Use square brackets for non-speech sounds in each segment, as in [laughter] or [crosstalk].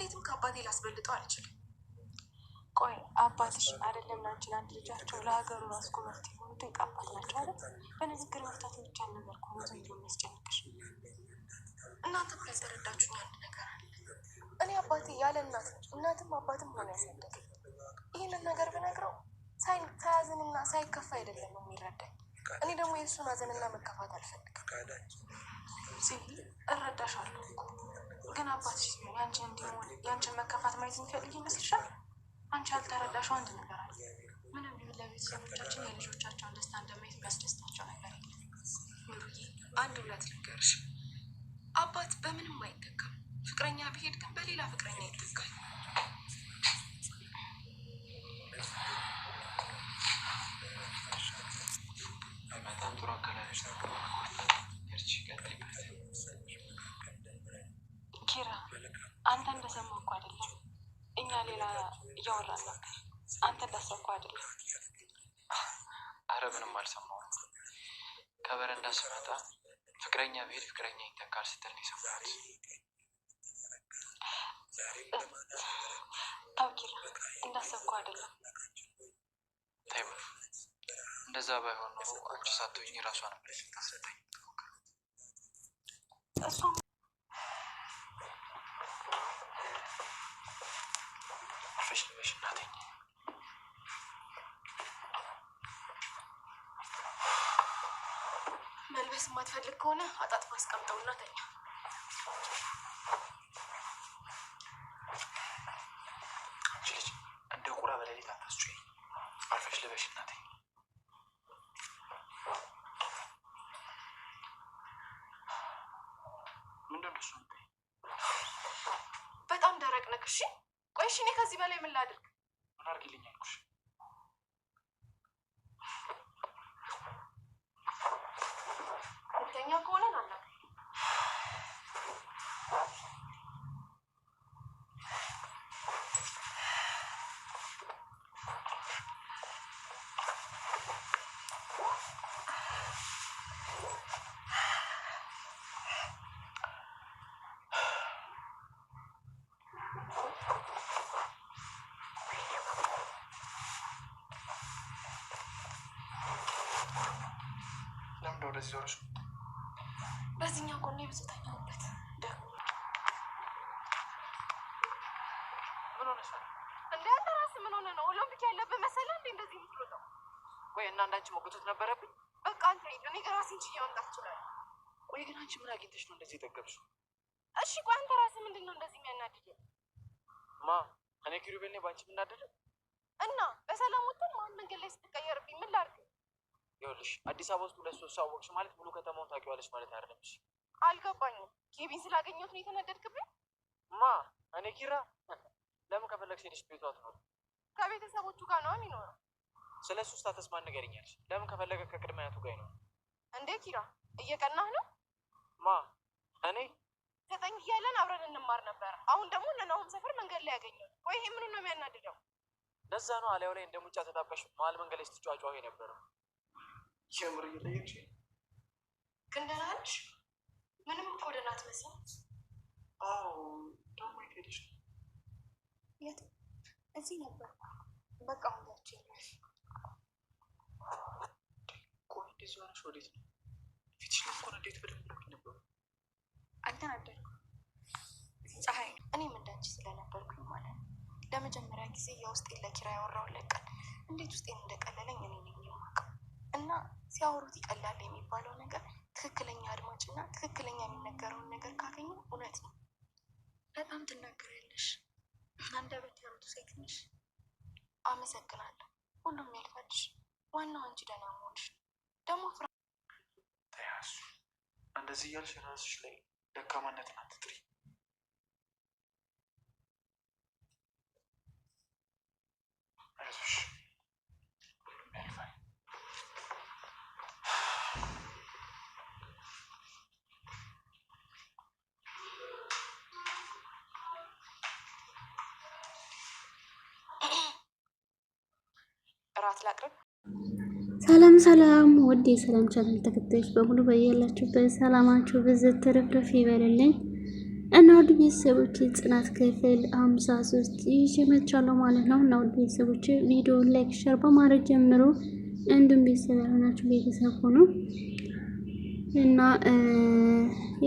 እንዴትም ከአባቴ ላስበልጠው አልችልም። ቆይ አባትሽ አይደለም ላንቺን አንድ ልጃቸው ለሀገሩ ራስ ኩመርት የሆኑ ድንቅ አባት ናቸው አለ። በንግግር መፍታት የሚቻል ነገር ከሆነ ዘንድ የሚያስጨንቅሽ እናንተ ካልተረዳችሁኝ አንድ ነገር አለ። እኔ አባቴ ያለ እናት እናትም አባትም ሆነ ያሳደገ ይህንን ነገር ብነግረው ሳያዝንና ሳይከፋ አይደለም ነው የሚረዳኝ። እኔ ደግሞ የእሱን ሀዘንና መከፋት አልፈልግም። እረዳሻለሁ እኮ ግን አባት ያንቺ እንዲሆን ያንቺን መከፋት ማየት የሚፈልግ ይመስልሻል? አንቺ አልተረዳሽው አንድ ነገር አለ። ምንም ቢሆን ለቤተሰቦቻችን የልጆቻቸውን ደስታ እንደማየት የሚያስደስታቸው ነገር የለም። አንድ እውነት ነገርሽ፣ አባት በምንም አይተካም። ፍቅረኛ ብሄድ ግን በሌላ ፍቅረኛ ይተካል። ሌላ እያወራን ነበር። አንተ እንዳሰብኩ አይደለም። አረ ምንም አልሰማሁም። ከበረንዳ ስመጣ ፍቅረኛ ብሄድ ፍቅረኛ ይተካል ስትል ነው የሰማሁት። ታውኪራ እንዳሰብኩ አይደለም። ተይሙር እንደዛ ባይሆን ኖሮ አንቺ ሳትሆኚ ራሷ ነበር ስታሰጠኝ የምታሰጠኝ። አርፈሽ ልበሽ እናተኝ መልበስ የማትፈልግ ከሆነ አጣጥፎ አስቀምጠው እናተኛ ልጅ እንደ ቁራ በሌሊት አታስጩ አርፈሽ ልበሽ እናተኝ ከዚህ በላይ ምን ላድርግ? ምን አድርግልኝ አልኩሽ? ነው ወደዚህ ዞረሽ በዚህኛው ጎኔ ብዙ ተኛሁበት። ደግሞ ምን ሆነሻል? እንደ ያለ ምን ሆነህ ነው? ኦሎምፒክ ያለብህ መሰለህ እንዴ? እንደዚህ የምትውለው? ወይ? እና አንዳንቺ መጎተት ነበረብኝ? በቃ አንተ ሂድ፣ እኔ ራሴን ችዬ መምጣት እችላለሁ። ቆይ ግን አንቺ ምን አግኝተሽ ነው እንደዚህ የጠገብሽው? እሺ ቆይ አንተ ራስህ ምንድን ነው እንደዚህ የሚያናድደው? ማ እኔ ኪሩቤል ነኝ በአንቺ የምናደደው? እና በሰላም ወጥተን ማን መንገድ ላይ ስትቀየርብኝ ምን ላድርግ? ይኸውልሽ አዲስ አበባ ውስጥ ሁለት ሶስት ሰው አወቅሽ ማለት ሙሉ ከተማውን ታውቂዋለሽ ማለት አይደለም። እሺ አልገባኝም። ኬቢን ስላገኘሁት ነው የተናደድክብኝ? ማ እኔ ኪራ? [laughs] ለምን ከፈለግሽ ሄደሽ ቤቷ ትኖር ከቤተሰቦቹ ጋር ነው የሚኖረው። ስለ እሱ ስታተስ ማን ንገሪኛለሽ? ለምን ከፈለገ ከቅድመ አያቱ ጋር ይኖር። እንዴ ኪራ እየቀናህ ነው? ማ እኔ ዘጠኝ እያለን አብረን እንማር ነበር። አሁን ደግሞ እነናሁም ሰፈር መንገድ ላይ ያገኘው። ቆይ ይሄ ምኑ ነው የሚያናድደው? ለዛ ነው አሊያው ላይ እንደ ሙጫ ተጣብቀሽ መሀል መንገድ ላይ ስትጫጫሁ የነበረው የምር እየጠየቅሽ ግን ደህና ነሽ? ምንም እኮ ደህና አትመስይም። አዎ ደግሞ ነው? የት? እዚህ ነበር። በቃ ሁላች የለሽ ቆይ፣ እንደዚ ሆነሽ ወዴት ነው? ፊትሽ ለኮን እንዴት በደንብ ነው ነበሩ። አልተናደድኩም። ፀሐይ፣ እኔም እንዳንቺ ስለነበርኩኝ ማለት ነው። ለመጀመሪያ ጊዜ የውስጤን ለኪራ ያወራሁለት ቀን እንዴት ውስጤን እንደቀለለኝ እኔ ነኝ የማውቀው እና ሲያወሩት ይቀላል የሚባለው ነገር ትክክለኛ አድማጭ እና ትክክለኛ የሚነገረውን ነገር ካገኙ እውነት ነው። በጣም ትናገሪያለሽ፣ አንደበት ያሉት ሴት ነሽ። አመሰግናለሁ። ሁሉም ያልፋልሽ። ዋናው አንቺ ደህና መሆንሽ ደግሞ ፍራ ተያሱ እንደዚህ እያልሽ ራስሽ ላይ ደካማነትን አትጥሪ። ጥናት ላቅርብ። ሰላም ሰላም፣ ወዴ ሰላም ቻናል ተከታዮች በሙሉ በያላችሁበት ሰላማችሁ ብዝት ትርፍርፍ ይበልልኝ እና ውድ ቤተሰቦች ጽናት ክፍል አምሳ ሶስት ይዤ መጥቻለሁ ማለት ነው። እና ውድ ቤተሰቦች ቪዲዮውን ላይክ፣ ሸር በማድረግ ጀምሮ እንዲሁም ቤተሰብ ያልሆናችሁ ቤተሰብ ሆኑ። እና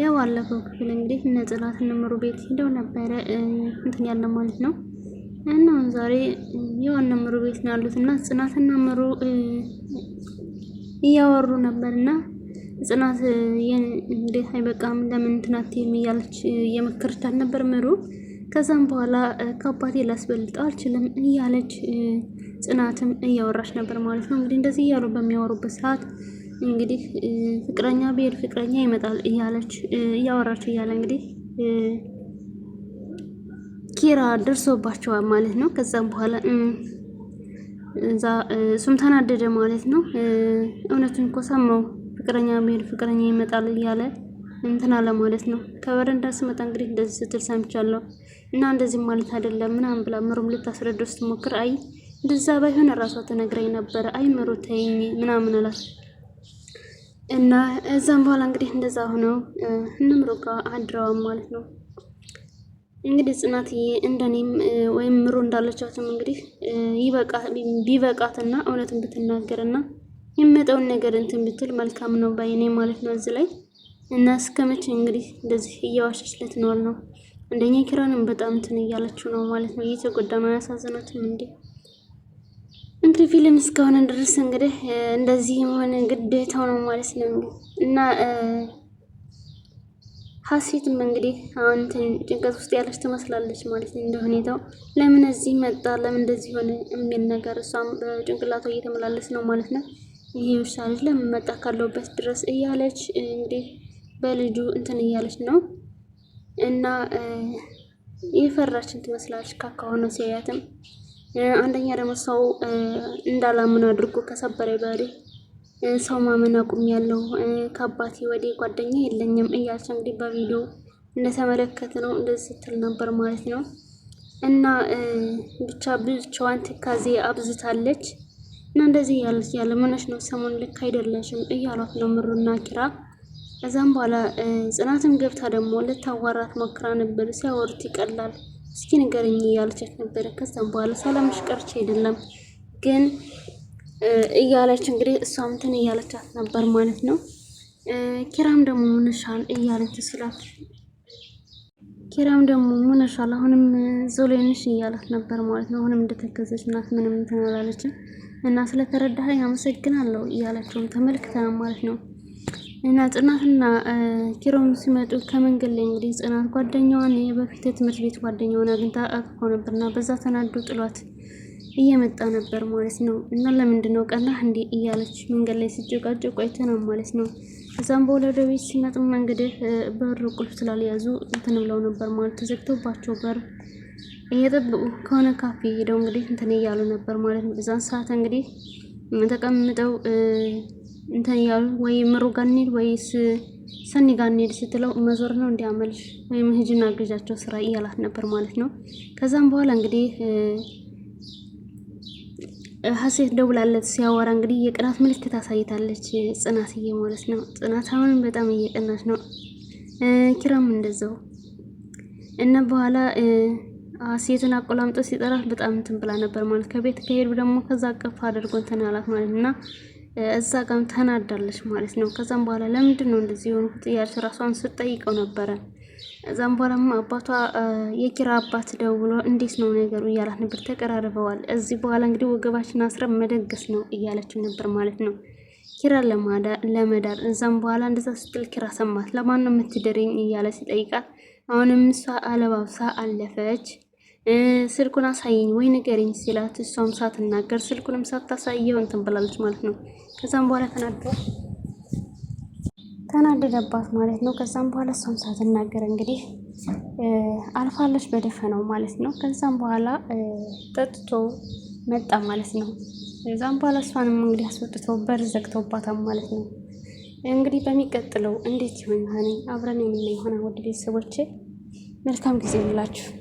የባለፈው ክፍል እንግዲህ እነ ጽናት እነ ምሩ ቤት ሄደው ነበረ እንትን ያለ ማለት ነው እና ዛሬ የዋና ምሩ ቤት ነው ያሉት እና ጽናትና ምሩ እያወሩ ነበርና ጽናት እንዴት አይበቃም ለምን እንትናት እያለች እየመከረቻት ነበር ምሩ። ከዛም በኋላ ከአባቴ ላስበልጠው አልችልም እያለች ጽናትም እያወራች ነበር ማለት ነው። እንግዲህ እንደዚህ እያሉ በሚያወሩበት ሰዓት እንግዲህ ፍቅረኛ ብሄድ ፍቅረኛ ይመጣል እያለች እያወራች እያለ እንግዲህ ኪራ ደርሶባቸዋል ማለት ነው። ከዛም በኋላ እዛ እሱም ተናደደ ማለት ነው። እውነቱን እኮ ሰማው ፍቅረኛ መሄድ ፍቅረኛ ይመጣል እያለ እንትን አለ ማለት ነው። ከበረንዳ ስመጣ እንግዲህ እንደዚህ ስትል ሰምቻለሁ እና እንደዚህ ማለት አይደለም ምናምን ብላ ምሩም ልታስረዳው ስትሞክር አይ እንደዛ ባይሆን ራሷ ተነግራኝ ነበረ አይ ምሩ ተይኝ ምናምን አላት እና እዛም በኋላ እንግዲህ እንደዛ ሆነው እንምሩ ጋር ማለት ነው። እንግዲህ ጽናትዬ እንደኔም ወይም ምሮ እንዳለቻትም እንግዲህ ቢበቃትና እውነትን ብትናገርና የመጣውን ነገር እንትን ብትል መልካም ነው ባይኔ ማለት ነው እዚህ ላይ እና እስከ መቼ እንግዲህ እንደዚህ እየዋሸች ልትኖር ነው? እንደኛ ኪራንም በጣም እንትን እያለችው ነው ማለት ነው። እየተጎዳ ነው። ያሳዝናትም እንዴ እንግዲህ ፊልም እስከሆነ ድረስ እንግዲህ እንደዚህ መሆን ግዴታው ነው ማለት ነው እና ሀሴትም እንግዲህ አንተን ጭንቀት ውስጥ ያለች ትመስላለች ማለት ነው። እንደ ሁኔታው ለምን እዚህ መጣ፣ ለምን እንደዚህ ሆነ የሚል ነገር እሷም በጭንቅላቷ እየተመላለስ ነው ማለት ነው። ይሄ ምሳሌ ለምን መጣ ካለውበት ድረስ እያለች እንግዲህ በልጁ እንትን እያለች ነው እና የፈራችን ትመስላለች ካካሆነ ሲያያትም አንደኛ ደግሞ ሰው እንዳላምን አድርጎ ከሰበረ በሬ ሰው ማመን አቁም ያለው ከአባቴ ወዴ ጓደኛ የለኝም እያለች እንግዲህ በቪዲዮ እንደተመለከት ነው እንደዚህ ስትል ነበር ማለት ነው። እና ብቻ ብቻዋን ትካዜ አብዝታለች። እና እንደዚህ እያለች ያለ ምንሽ ነው ሰሞን ልክ አይደለሽም እያሏት ነው ምሩና ኪራ። ከዛም በኋላ ጽናትም ገብታ ደግሞ ልታዋራት ሞክራ ነበር። ሲያወሩት ይቀላል እስኪ ንገርኝ እያለቻት ነበረ። ከዛም በኋላ ሰላምሽ ቀርቼ አይደለም ግን እያለች እንግዲህ እሷም እንትን እያለቻት ነበር ማለት ነው። ኪራም ደግሞ ምንሻል እያለች ስላት ኪራም ደግሞ ምንሻል አሁንም ዞሌንሽ እያላት ነበር ማለት ነው። አሁንም እንደተገዘች ናት፣ ምንም እንትን አላለችም። እና ስለተረዳኸኝ አመሰግናለሁ እያለችውም ተመልክተናል ማለት ነው። እና ጽናትና ኪሮም ሲመጡ ከመንገድ ላይ እንግዲህ ጽናት ጓደኛዋን የበፊት ትምህርት ቤት ጓደኛዋን አግኝታ አቅፎ ነበር እና በዛ ተናዱ ጥሏት እየመጣ ነበር ማለት ነው። እና ለምንድን ነው ቀና እንዴ እያለች መንገድ ላይ ሲጨቃጨቁ አይተናል ማለት ነው። እዛም በወለደ ቤት ሲመጡም እንግዲህ በር ቁልፍ ስላልያዙ እንትን ብለው ነበር ማለት ተዘግቶባቸው በር እየጠብቁ ከሆነ ካፌ ሄደው እንግዲህ እንትን እያሉ ነበር ማለት ነው። እዛን ሰዓት እንግዲህ ተቀምጠው እንትን እያሉ ወይ ምሩ ጋር እንሂድ ወይስ ሰኒ ጋር እንሂድ ስትለው መዞር ነው እንዲያመልሽ ወይም ሂጂና ግዣቸው ስራ እያላት ነበር ማለት ነው። ከዛም በኋላ እንግዲህ ሀሴት ደውላለት ሲያወራ እንግዲህ የቅናት ምልክት አሳይታለች ጽናት ማለት ነው። ጽናት አሁንም በጣም እየቀናች ነው። ኪራም እንደዛው እና በኋላ ሀሴትን አቆላምጦ ሲጠራት በጣም እንትን ብላ ነበር ማለት ከቤት ከሄዱ ደግሞ ከዛ አቀፍ አድርጎ እንትን አላት ማለት እና እዛ ጋም ተናዳለች ማለት ነው። ከዛም በኋላ ለምንድን ነው እንደዚህ የሆኑ እያለች ራሷን ስጠይቀው ነበረ እዛም በኋላም አባቷ የኪራ አባት ደውሎ እንዴት ነው ነገሩ እያላት ነበር። ተቀራርበዋል። እዚህ በኋላ እንግዲህ ወገባችን አስረብ መደገስ ነው እያለችው ነበር ማለት ነው ኪራ ለመዳር። እዛም በኋላ እንደዛ ስትል ኪራ ሰማት። ለማን ነው የምትደርኝ እያለ ሲጠይቃት አሁንም እሷ አለባብሳ አለፈች። ስልኩን አሳየኝ ወይ ንገረኝ ሲላት እሷም ሳትናገር ስልኩንም ሳታሳየው እንትን ብላለች ማለት ነው። ከዛም በኋላ ተናደዋል። ተናደደባት ማለት ነው። ከዛም በኋላ እሷም ሳትናገር እንግዲህ አልፋለች በደፈነው ማለት ነው። ከዛም በኋላ ጠጥቶ መጣ ማለት ነው። ከዛም በኋላ እሷንም እንግዲህ አስወጥቶ በር ዘግተውባታል ማለት ነው። እንግዲህ በሚቀጥለው እንዴት ይሆን አብረን የምናየው ይሆናል። ውድ ቤተሰቦቼ መልካም ጊዜ ይላችሁ።